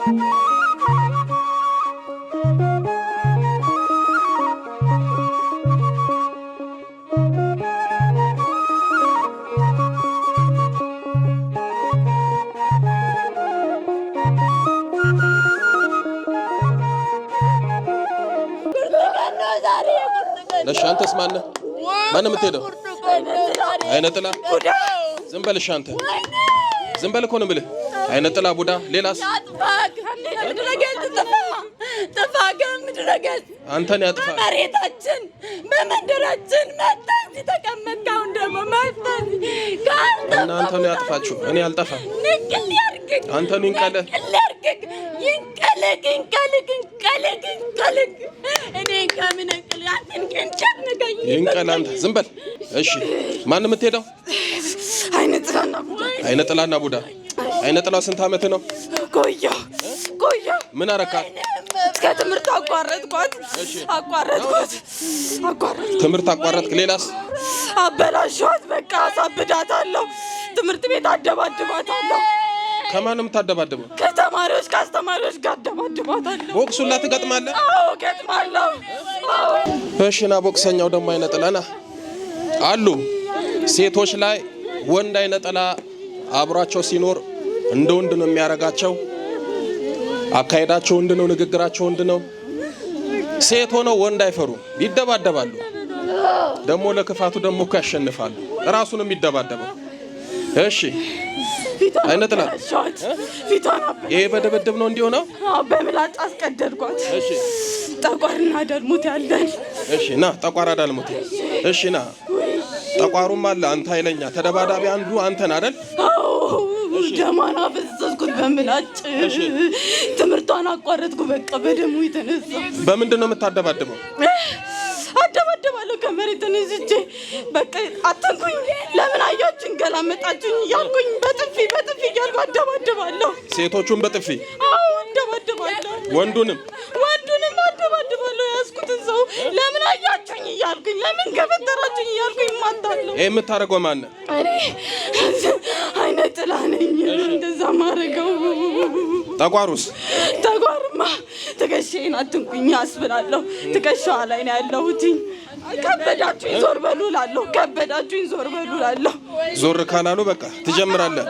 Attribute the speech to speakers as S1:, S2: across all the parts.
S1: እሺ
S2: አንተስ ማነህ? ማነህ የምትሄደው? አይነ ጥላ ዝም በል። እሺ አንተ ዝም በል እኮ ነው የምልህ። አይነ ጥላ ቡዳ፣ ሌላስ ከምድረገጽ ጥፋ ጥፋ ከምድረገጽ አንተን ያጥፋ። በመሬታችን በመንደራችን መጥተህ እዚህ ተቀመጥክ። አሁን ደግሞ መጥተህ ያጥፋችሁ። እኔ አልጠፋም። ንቅል ያርግግ አንተን ይንቀለ ያርግግ ይንቀልግ ይንቀልግ ይንቀልግ ይንቀልግ እኔ ከምን እንቅል አንተን ንገኝ ይንቀል አንተ ዝም በል እሺ። ማን የምትሄደው? አይነ ጥላና ቡዳ አይነ ጥላና ቡዳ አይነ ስንት አመት ነው? ቆየሁ። ምን አረካት? እስከ ትምህርት አቋረጥኳት አቋረጥኳት አቋረጥኳት። ትምህርት አቋረጥክ። ሌላስ? አበላሸኋት። በቃ አሳብዳታለሁ። ትምህርት ቤት አደባድባታለሁ። ከማንም ታደባደበ ከተማሪዎች ከአስተማሪዎች ጋር አደባድባታለሁ። ቦክሱላ ትገጥማለህ? አዎ ገጥማለሁ። እሺ ቦክሰኛው ደግሞ አይነጥለና አሉ ሴቶች ላይ ወንድ አይነጥላ አብሯቸው ሲኖር እንደ ወንድ ነው የሚያረጋቸው። አካሄዳቸው ወንድ ነው፣ ንግግራቸው ወንድ ነው። ሴት ሆነው ወንድ አይፈሩም፣ ይደባደባሉ። ደግሞ ለክፋቱ ደግሞ እኮ ያሸንፋሉ። ራሱን የሚደባደበው እሺ አይነጥላት ፊቷን ይሄ በደበደብ ነው እንዲሆነው በምላጭ አስቀደድኳት። እሺ ጠቋርና ዳልሞት ያለን እሺ ና ጠቋራ ዳልሞት እሺ ና ጠቋሩም አለ አንተ ኃይለኛ ተደባዳቢ አንዱ አንተን አይደል? አዎ ደማናፍ በምላጭ ትምህርቷን አቋረጥኩ። በቃ በደሙ የተነሳ በምንድን ነው የምታደባድበው? አደባደባለሁ ከመሬት ተነስቼ በቃ አትንኩኝ፣ ለምን አያችን ገላመጣችኝ እያልኩኝ በጥፊ በጥፊ እያልኩ አደባደባለሁ። ሴቶቹን በጥፊ አዎ፣ አደባደባለሁ። ወንዱንም ወንዱንም አደባደባለሁ። ያዝኩትን ሰው ለምን አያችሁኝ እያልኩኝ፣ ለምን ገፈተራችሁኝ እያልኩኝ ማታለሁ። ይህ የምታደርገው ማነው? እንደዛ ማድረገው። ጠቋሩስ? ጠቋርማ ትከሻዬን አትንኩኝ አስብላለሁ። ትከሻዋ ላይ ነው ያለሁትኝ። ከበዳችሁኝ ዞር በሉ እላለሁ። ከበዳችሁኝ ዞር በሉ እላለሁ። ዞር ካላሉ በቃ ትጀምራለህ።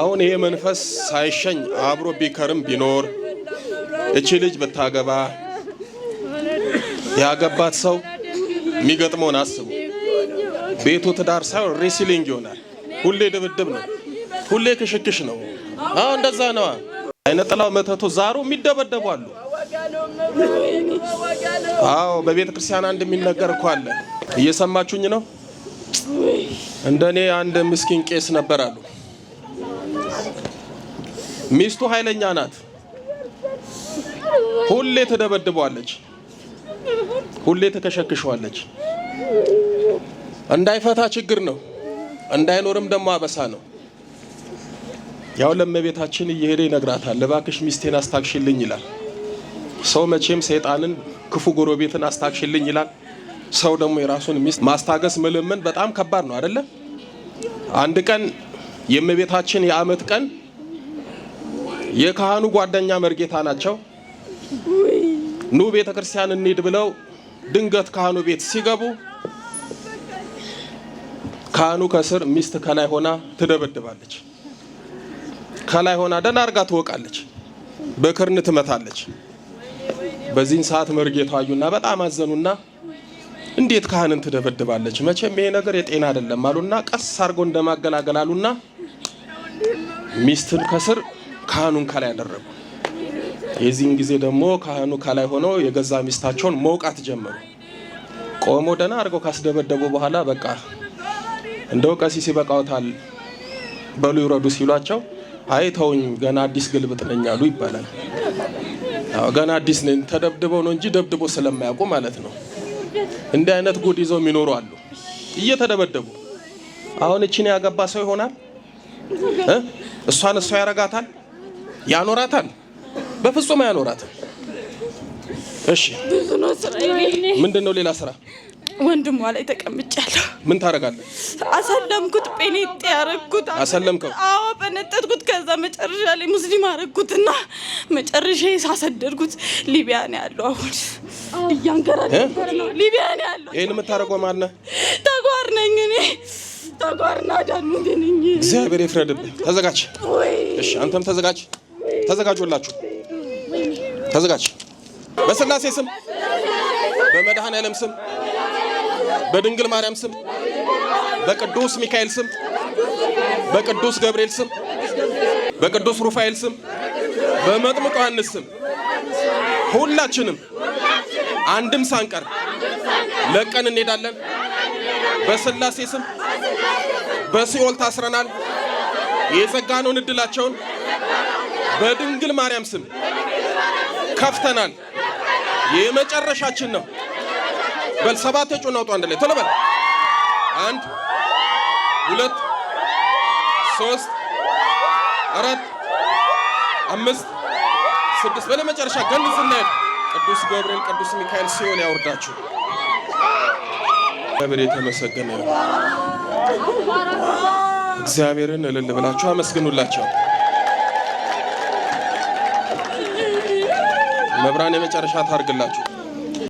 S2: አሁን ይሄ መንፈስ ሳይሸኝ አብሮ ቢከርም ቢኖር እቺ ልጅ ብታገባ ያገባት ሰው የሚገጥመውን አስቡ። ቤቱ ትዳር ሳይሆን ሬስሊንግ ይሆናል። ሁሌ ድብድብ ነው። ሁሌ ክሽክሽ ነው። አዎ እንደዛ ነዋ። አይነ ጥላው መተቱ ዛሩ የሚደበደቡ አሉ። አዎ በቤተ ክርስቲያን አንድ የሚነገር እኮ አለ። እየሰማችሁኝ ነው? እንደኔ አንድ ምስኪን ቄስ ነበር አሉ። ሚስቱ ኃይለኛ ናት። ሁሌ ትደበድበዋለች። ሁሌ ትከሸክሸዋለች። እንዳይፈታ ችግር ነው፣ እንዳይኖርም ደግሞ አበሳ ነው። ያው ለእመቤታችን እየሄደ ይነግራታል። ለባክሽ ሚስቴን አስታክሽልኝ ይላል። ሰው መቼም ሰይጣንን፣ ክፉ ጎረቤትን አስታክሽልኝ ይላል። ሰው ደግሞ የራሱን ሚስት ማስታገስ መለመን በጣም ከባድ ነው አይደለ? አንድ ቀን የእመቤታችን የአመት ቀን የካህኑ ጓደኛ መርጌታ ናቸው። ኑ ቤተ ክርስቲያን እንሂድ ብለው ድንገት ካህኑ ቤት ሲገቡ ካህኑ ከስር ሚስት ከላይ ሆና ትደበድባለች። ከላይ ሆና ደህና አርጋ ትወቃለች፣ በክርን ትመታለች። በዚህን ሰዓት መርጌታ አዩና በጣም አዘኑና እንዴት ካህንን ትደበድባለች? መቼም ይሄ ነገር የጤና አይደለም አሉና ቀስ አድርገው እንደማገላገል አሉና ሚስትን ከስር ካህኑን ከላይ አደረጉ። የዚህን ጊዜ ደግሞ ካህኑ ከላይ ሆኖ የገዛ ሚስታቸውን መውቃት ጀመሩ። ቆሞ ደህና አድርገው ካስደበደቡ በኋላ በቃ እንደው ቀሲስ ይበቃውታል በሉ ይረዱ ሲሏቸው አይ ተውኝ ገና አዲስ ግልብጥ ነኝ አሉ ይባላል። ገና አዲስ ነኝ ተደብድበው ነው እንጂ ደብድቦ ስለማያውቁ ማለት ነው። እንዲህ አይነት ጉድ ይዘው የሚኖሩ አሉ እየተደበደቡ። አሁን እችን ያገባ ሰው ይሆናል እሷን እሷ ያረጋታል ያኖራታል? በፍጹም አያኖራትም። እሺ ምንድን ነው ሌላ ስራ ወንድሟ ላይ ተቀምጫለሁ። ምን ታደርጋለህ? አሰለምኩት፣ ጴኔጤ ያረግኩት። አሰለምከው? አዎ፣ በነጠጥኩት። ከዛ መጨረሻ ላይ ሙስሊም አረግኩትና መጨረሻ ሳሰደድኩት። ሊቢያ ነው ያለው አሁን እያንገራ ነው። ሊቢያ ነው ያለው። ይህን የምታደርገው ማን ነህ? ተጓር ነኝ እኔ ተጓር ናዳል ምንድንኝ። እግዚአብሔር ይፍረድብህ። ተዘጋጅ። እሺ፣ አንተም ተዘጋጅ። ተዘጋጆላችሁ፣ ተዘጋጅ። በስላሴ ስም በመድኃኔዓለም ስም በድንግል ማርያም ስም፣ በቅዱስ ሚካኤል ስም፣ በቅዱስ ገብርኤል ስም፣ በቅዱስ ሩፋኤል ስም፣ በመጥምቅ ዮሐንስ ስም ሁላችንም አንድም ሳንቀር ለቀን እንሄዳለን። በስላሴ ስም በሲኦል ታስረናል። የዘጋነውን እድላቸውን በድንግል ማርያም ስም ከፍተናል። የመጨረሻችን ነው። በል ሰባት እጩን አውጡ አንድ ላይ ቶሎ በል። አንድ ሁለት ሶስት አራት አምስት ስድስት በለ መጨረሻ ገን ስናሄድ ቅዱስ ገብርኤል ቅዱስ ሚካኤል ሲሆን ያወርዳችሁ። እግዚአብሔር የተመሰገነ እግዚአብሔርን እልል ብላችሁ አመስግኑላቸው። መብራን የመጨረሻ ታርግላችሁ።